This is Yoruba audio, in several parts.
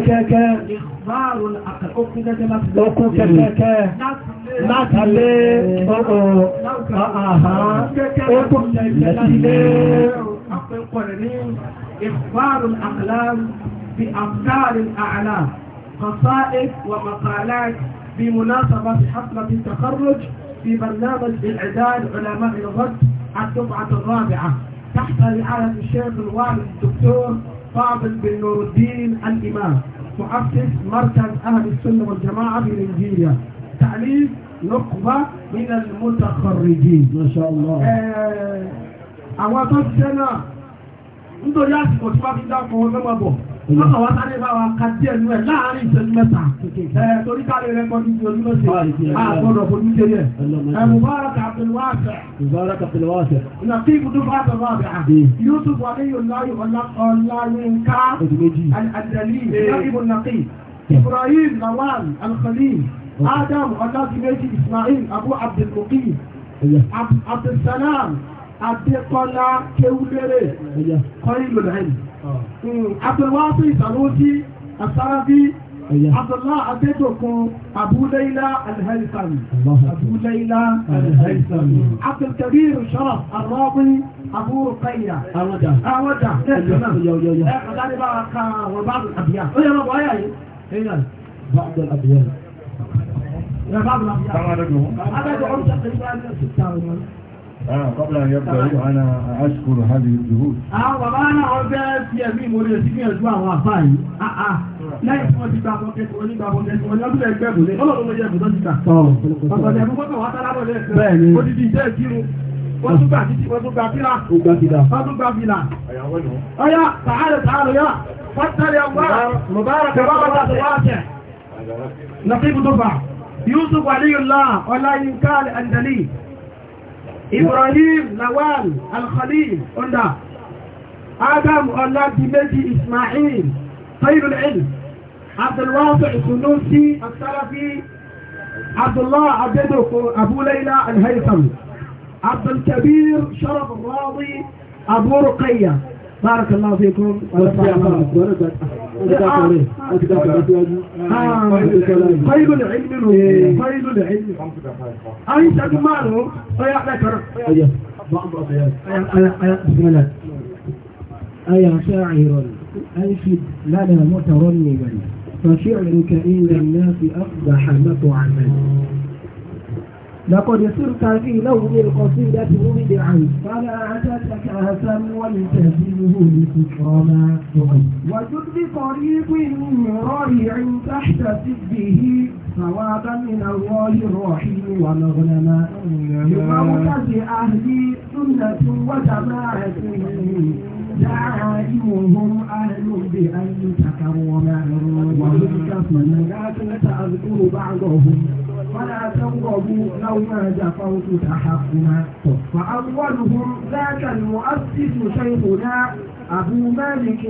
كاكا إخبار العقل أقدة مصدر أقدة كاكا نتلي أوه أها آه، آه. إخبار الأقلام بأفكار الأعلام قصائد ومقالات بمناسبة حفلة التخرج في برنامج الإعداد علماء الغد الدفعة الرابعة تحت رعاية الشيخ الوالد الدكتور فاضل بن نور الدين الإمام مؤسس مركز أهل السنة والجماعة في نيجيريا تعليم نخبة من المتخرجين ما شاء الله àwọn tó ṣiṣẹ́ náà nítorí àsìkò tí wọ́n fi dákọ̀ bọ̀ Lọ́nà wá sáré bá wa ka díẹ̀ nú ẹ̀ láàárín ìṣẹ́jú mẹ́ta. Ẹ̀ torí káre rẹ̀ kọ́ níbi ojú lọ́sẹ̀. Àgbọ̀dọ̀ fojú kéré ẹ̀. Ẹ̀ Mubarak Abdulwasir. Mubarak Abdulwasir. Nàkí ibùdó bá bẹ̀ bá bẹ̀. Yusuf Adéyọ̀láyọ̀ Ọláyínká. Àdìrẹ́lì. Nàkíbù Nàkí. Ibrahim Lawal Alkhalil. Adam Ọlásìmẹ́jì Ismail Abu Abdulmuqi. Abdulsalam. Adékọ́lá Kéwúlérè Kọ́ìlù Lẹ́yìn. Abdulwasi Sanusi Asarabi Abdullah Adédokun Abúléilá Alhaisami. Abúléilá Alhaisami. Abdulkabir Sharaf Arọ́bí Abu Rukaiya. Awọ́dà. Awọ́dà. Ẹ̀kọ́ náà. Ẹ̀kọ́ dárí bá wa ka àwọn bá àbíyá. Ó yẹ lọ́wọ́ ayà yìí. Ẹ̀yà. Bá àbíyá. Bá àbíyá. Bá àbíyá. Bá àbíyá. Bá àbíyá. قبل أن يبدأوا أنا أشكر هذه الجهود آه بابا أنا أرجع في أبي مولي سيكي أجواء وفاي آه آه لا يسمى تبقى بقيت ولي بابا تسمى لا بلا يكبر لي أولا لما يكبر تسمى تسمى بابا يكبر وطلع بلا يكبر ودي جاء كيرو wọ́n tún gbà títí wọ́n tún gbà fílà wọ́n tún gbà fílà ọ̀yá tààrẹ tààrẹ yá pátálẹ̀ mọ̀bárakà bábátà tó wá tẹ̀ nàfíìbù tó fà yusuf aliyullah ọláyínká alìdàlì Ibrahim Lawal Al-Khalil Onda Adam Oladimeji Ismail Khairul Ilm Abdulwasi Sunusi Al-Salafi Abdullah Abedoko Abu Layla Al-Haytham Abdulkabir Sharaf Al-Radi Abu Ruqayya بارك الله فيكم ونفع الله Fáìlù lẹ́yìn nínú fáìlù lẹ́yìn. Ayé ìṣẹ́jú márùn-ún, ọyá lẹ́kọ̀ọ́. Ọyá, بسم الله. أيا شاعر أنشد لنا مترنما فشعرك عند الناس أصبح مطعما لقد صرت في لون القصيدة مبدعا فلا أتتك أسا ولتهزمه بسكرما وجد بطريق رائع تحت سبه ثوابا من الله الرحيم ومغنما لموتة أهلي سنة وجماعة دعائمهم أهل بأن تكرم ومن كفنا لا تأذكر بعضهم ولا تقربوا لوما زفوت تحقنا فأولهم ذاك المؤسس شيخنا أبو مالك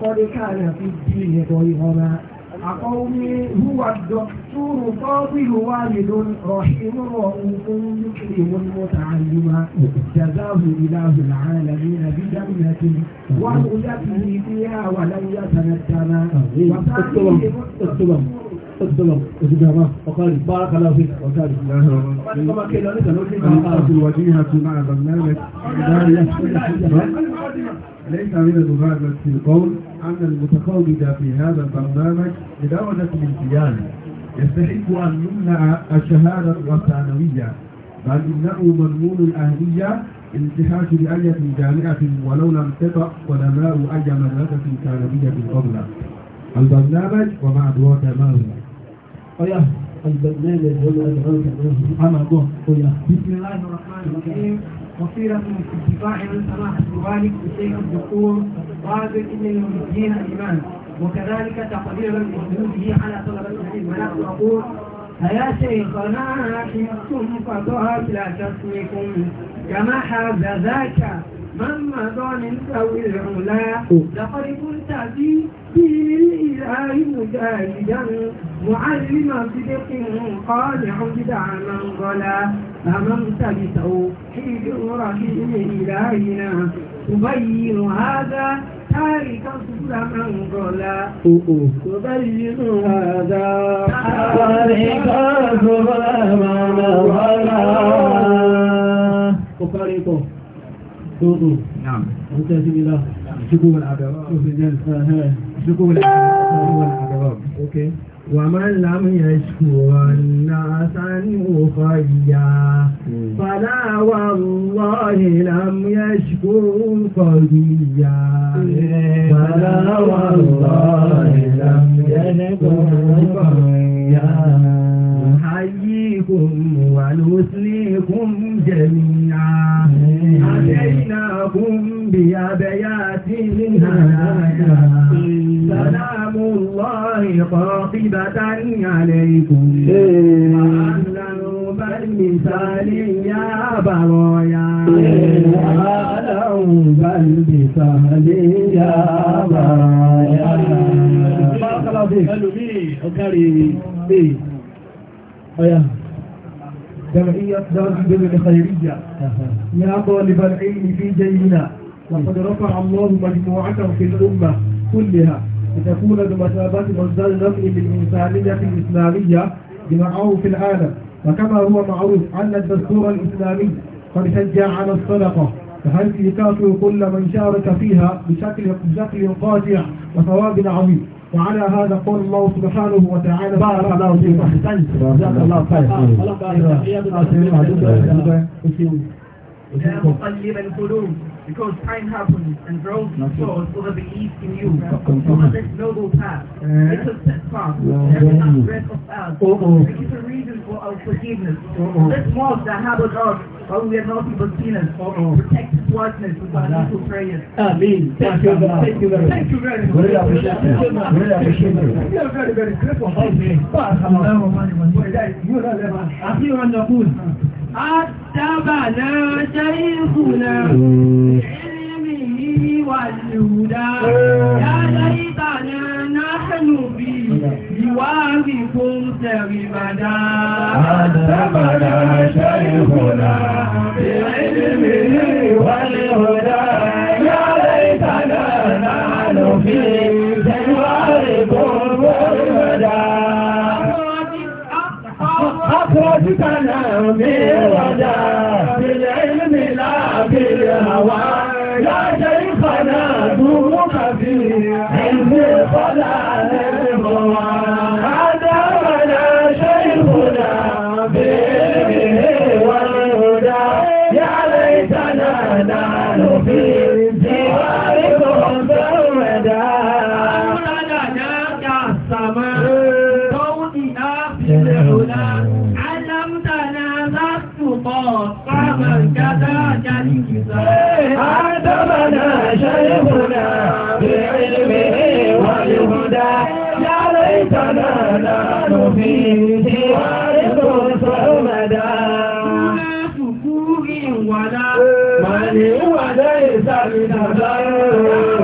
قد كان في الدين ضيغنا أقومي هو الدكتور فاضل والد رحيم رؤوف مكرم متعلما جزاه إله العالمين بجنة وهدته فيها ولن يتندما وسعيه السلام وجدها وقال بارك الله فيك وكاري كما كيلو لك نوجه الوجيهة مع برنامج ليس من المغادرة في القول أن المتفوض في هذا البرنامج بدرجة الامتياز يستحق أن يمنع الشهادة والثانوية بل إنه مضمون الأهلية الانتحاش بأية جامعة ولو لم تطأ قدماء أي مدرسة ثانوية قبله البرنامج وما أدراك ما بسم الله الرحمن الرحيم وصيرة من الدفاع من سماحة الوالد الشيخ الدكتور قادر ابن المسجين الإيمان وكذلك تقريرا لحدوده على طلبة العلم ونحن نقول فيا شيخنا حمتم فضها لا تسمكم كما حاب ذاك مما ظن ذوي العلا لقد كنت في دين الإله مجاهدا معلم صدق قانع بدع من ظلا أممت بتوحيد رحيم إلهنا تبين هذا تارك سبل من ظلا تبين هذا تارك سبل من ظلا إلى شكوك شكوك أوكي ومن لم يشكو الناس عنه خيا فلا والله لم يشكو قويا فلا والله لم يشكو قويا نحييكم ونسليكم جميعا لكم بأبيات هدايا سلام الله قاطبة عليكم وأهلا بل مثالي يا برايا وأهلا بل مثالي يا برايا بارك الله فيك. جمعية دار البر الخيرية يا طالب العلم في جيبنا وقد رفع الله مجموعة في الأمة كلها لتكون بمثابة مصدر نفع للإنسانية الإسلامية بمعه في العالم وكما هو معروف أن الدستور الإسلامي قد شجع على الصدقة فهل يكافئ كل من شارك فيها بشكل بشكل قاطع وثواب عظيم وعلى هذا قول الله سبحانه وتعالى بارك الله فيك احسنت جزاك الله خير الله يبارك فيك يا مقلب القلوب because time happens and grows draws so that the east in you. On this noble path, let us set fast, let us not breath of us. Uh -oh. Make a reason for our forgiveness. Uh -oh. Let mark that harbored us while we are not evil sinners. Uh -oh. Protect his whiteness with our little prayers. Amen. Thank you very much. Thank you very much. very appreciate it. Really appreciate it. We are very, very grateful. Amen. Amen. You are the man. أتبنا شيخنا بعلمه والهدى يا ليتنا نحن به لواهكم سرمدا àdìkánà mi wàdà bìlẹ̀ ìlú mi láàbìlẹ̀ àwa láti. فلا نفي سواكم صمدا لا فكور ولا من وليس من غيره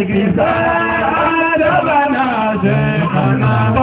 ìbìsá àdọ́bànà ṣe kànáà.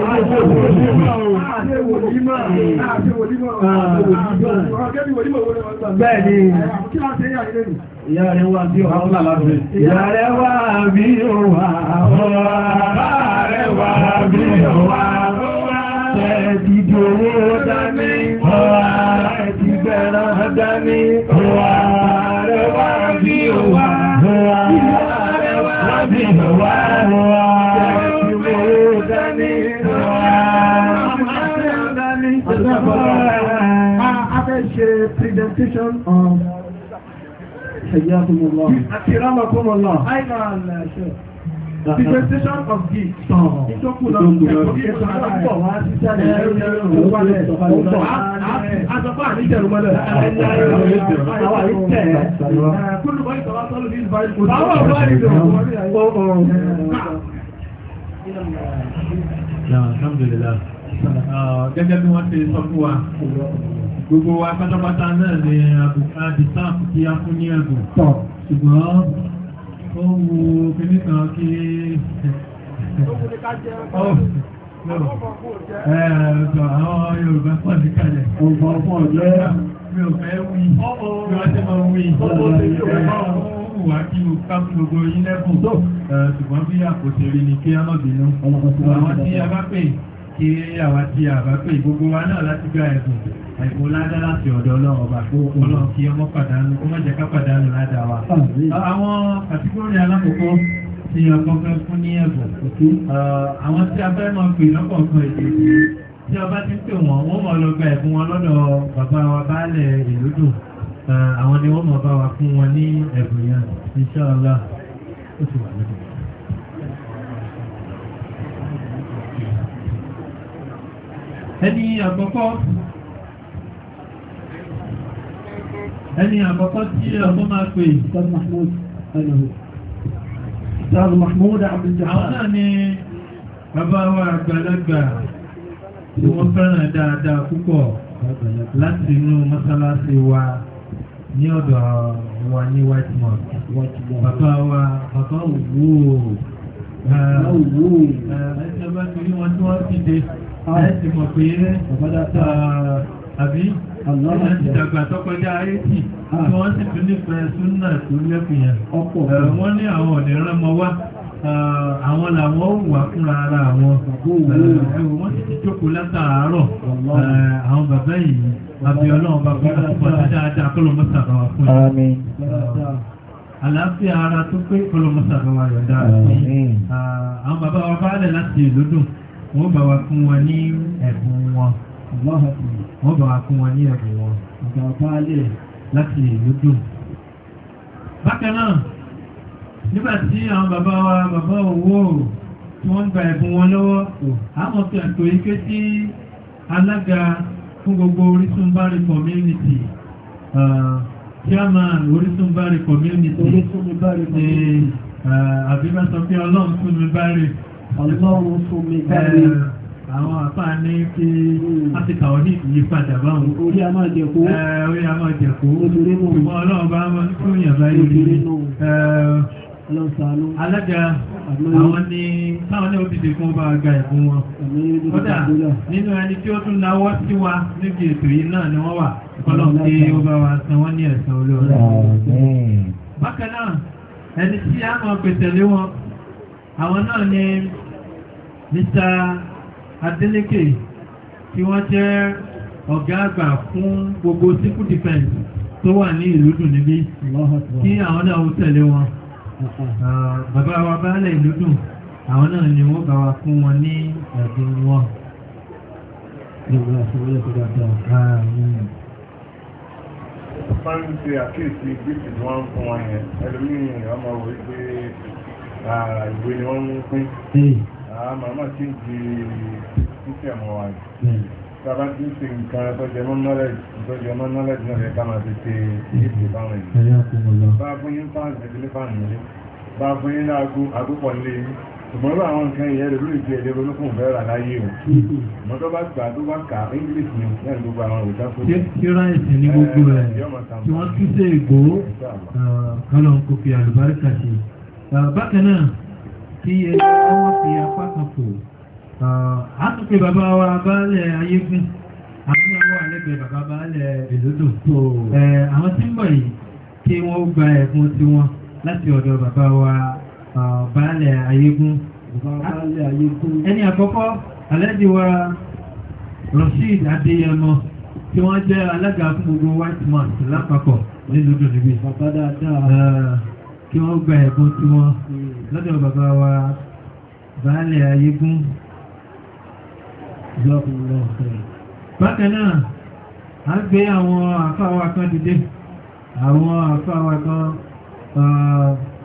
Ìyá rẹ̀ wá bí ọ̀há ọ̀lá lábẹ́. Ìyá rẹ̀ wá bí ọ̀há ọ̀há rẹ̀ wá bí ọ̀há ọ̀há ẹ̀dì ìdòwò dání ọ̀há ẹ̀dì ìgbẹ̀rán dání ọ̀há rẹ̀ wá bí ọ̀há ọ̀há rẹ̀ wá bí ọ̀há presentation of Hayyakumullah. Akiramakumullah. Ayman Sheikh. Presentation of gifts. Ìjọkùnà ìjọkùnà àpọ̀ wá sí sálẹ̀ ẹ̀rọ wálẹ̀ ọ̀pọ̀ àtọ́pá àníjẹ̀rù mọ́lẹ̀. Àwọn àríkẹ́ ẹ̀ kúlùmọ́ ìtọ́wá sọ́lù ní ìbáyé kò tó. Báwọn ọ̀rọ̀ àríkẹ́ ọ̀pọ̀ Gẹ́gẹ́ bí wọ́n ti sọ fún wa, gbogbo wa pátápátá náà lè àdìsáàf tí a fún ní ẹ̀bùn tọ̀ ṣùgbọ́n ó mú kíní kan kí àwọn Yorùbá pọ̀ sí kalẹ̀ ọgbọ̀n fún ọjọ́ mi ò fẹ́ wí bí wọ́n ti máa wí wà o káàkù gbogbo yín kí àwa tí a bá pé gbogbo wa náà láti gba ẹ̀bùn ẹ̀bùn ládá láti ọ̀dọ̀ ọlọ́run ọba tó ọlọ́run kí ọmọ pàdánù ọmọ jẹ́ ká pàdánù ládá wa. àwọn kàtíkórì alákòókò tí ọkọ̀ fún ní ẹ̀bùn àwọn tí a fẹ́ máa pè lọ́kọ̀ọ̀kan èdè tí ọba ti pè wọ́n wọ́n mọ̀ lọ gba ẹ̀bùn wọn lọ́dọ̀ bàbá wa baálẹ̀ ìlúdùn àwọn ni wọ́n mọ̀ bá wa fún wọn ní ẹ̀bùn yẹn inṣáàlá ó ti wà lẹ́kọ̀ọ́. ẹni àkọ́kọ́ ẹni àkọ́kọ́ tí ọmọ máa pè Ustaz Mahmoud ẹnàwó Ustaz Mahmoud Abdul-Jabbar àwọn náà ni bàbá wa àgbàlagbà tí wọ́n fẹ́ràn dáadáa púpọ̀ láti inú mọ́sálásí wa ní ọ̀dọ̀ wa ní white mosque bàbá wa bàbá òwúrò ẹ̀ẹ́dẹ́gbẹ́ tí wọ́n ti dé ẹ̀sì mọ̀ pé ọ̀bọ̀dátà uh, àbí ìdàgbà tọ́kọjá àìsì ah. tí wọ́n sì tún nífẹ̀ẹ́ súnà tó lẹ́kùnyàn uh, wọ́n ní àwọn ọ̀nìyàn mọ́ wá uh, àwọn làwọn ó wà fúnra ara àwọn ẹ̀wọ̀n wọ́n sì ti jókòó látàárọ̀ àwọn bàbá yìí àbí ọlọ́run bàbá àtúbọ̀ tó dáadáa kọ́lọ́mọ́sà bá wà fún yìí àlàáfíà ara tó pé kọ́lọ́mọ́sà bá wà yọ̀dá àwọn bàbá wa bá lẹ̀ láti ìlú wọ́n bá wa fún wọn ní ẹ̀bùn wọn wọ́n bá wa fún wọn ní ẹ̀bùn wọn ìgbàgbálẹ̀ láti ìlú dùn. bákan náà nígbà tí àwọn bàbá wa bàbá owó tí wọ́n gba ẹ̀bùn wọn lọ́wọ́ àwọn fi àtò ike sí alága fún gbogbo Orísun community uh, chairman Orísun Bari community Orísun Bari community eh, uh, àbí bá sọ pé ọlọ́run fún mi Bari ọlọ́run fún mi bẹ́ẹ̀ àwọn àpá ní kí áfíkà òní yí báwọn orí a máa jẹ̀kó orí a máa jẹ̀kó ojúrí ọlọ́run bá máa fún yàn báyìí ojúrí àwọn ni táwọn ní òbí dìkún bá ga ẹ̀kún wọn kódà nínú ẹni tí ó tún náwó sí wa níbi ètò yìí náà ni wọ́n wà ọlọ́run tí ó bá wa san wọ́n ní ẹ̀san olóore bákan náà ẹni tí a máa pèsè Mr. Adeleke tí wọ́n jẹ́ ọ̀gá àgbà fún gbogbo civil defense tó wà ní ìlú dùn níbí kí àwọn náà ó tẹ̀lé wọn ah, bàbá wa báálẹ̀ ìlú dùn àwọn náà ni wọ́n bá wa fún wọn ní ẹ̀dùn wọn. Ìgbà ìṣòro ẹ̀kọ́ dáadáa. Fáyọ̀ ti àkíyèsí gbèsè ni wọ́n ń fún wọn yẹn. Ẹlòmíràn ọmọ wò pé ah, àmàmà tí ń di ìfẹ́ mọ́ wa yìí sábà hmm. tí ń ṣe nǹkan tọ́jẹmọ́ knowledge tọ́jẹmọ́ knowledge náà lẹ́ka máa fi ṣe ìdìbò báwọn ènìyàn bá fún yín fáwọn ìdílé fáwọn ilé bá fún yín láago àgùpọ̀ nílé yín ṣùgbọ́n bá àwọn nǹkan ìyẹ́ lórí ìdí ẹ̀dẹ́ olókùn bẹ́ẹ̀ rà láyé o mọ́ hmm. tó bá gbà tó bá kà english ni náà gbogbo àwọn òòtá fún mi. kíráìsì ní gbogbo eh, rẹ̀ tí wọ́n tún ṣe ègbò kọ́lọ̀ kò fi àlùbáríkà sí. Ah, ah, bákan náà tí wọ́n fi apá kan fò àtúnpé bàbá wa baálẹ̀ ayé fún àmì àwọn àlẹ́gbẹ̀ẹ́ bàbá baálẹ̀ èlódò àwọn tí ń bọ̀ yìí kí wọ́n gba ẹ̀kún tí wọ́n láti ọ̀dọ̀ bàbá wa baálẹ̀ ayégún ẹni àkọ́kọ́ àlẹ́dì wa Rasheed Adéyẹmọ tí wọ́n jẹ́ alága fún gbogbo white man lápapọ̀ nílùú dùnúbí. bàbá dáadáa kí wọ́n gba ẹ̀bùn tí wọ́n lọ́dọ̀ bàbá wa baálẹ̀ ayégún lọ́kùnrin ọ̀fẹ́. bákan náà a ń gbé àwọn àfáwà kan dìde àwọn àfáwà kan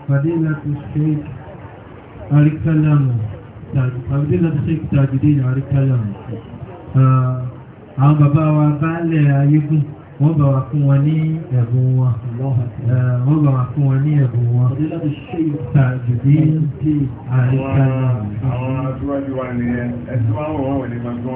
pàdé láti ṣe àríkálàmù pàdé láti ṣe tàbídé àríkálàmù àwọn bàbá wa baálẹ̀ ayégún wọ́n bá wa fún wọn ní ẹ̀bùn wọn wọ́n bá wa fún wọn ní ẹ̀bùn wọn tàbí àìsàn àwọn àtúwájú wa nìyẹn ẹ̀sùn àwọn òwò ní gbàgbọ́n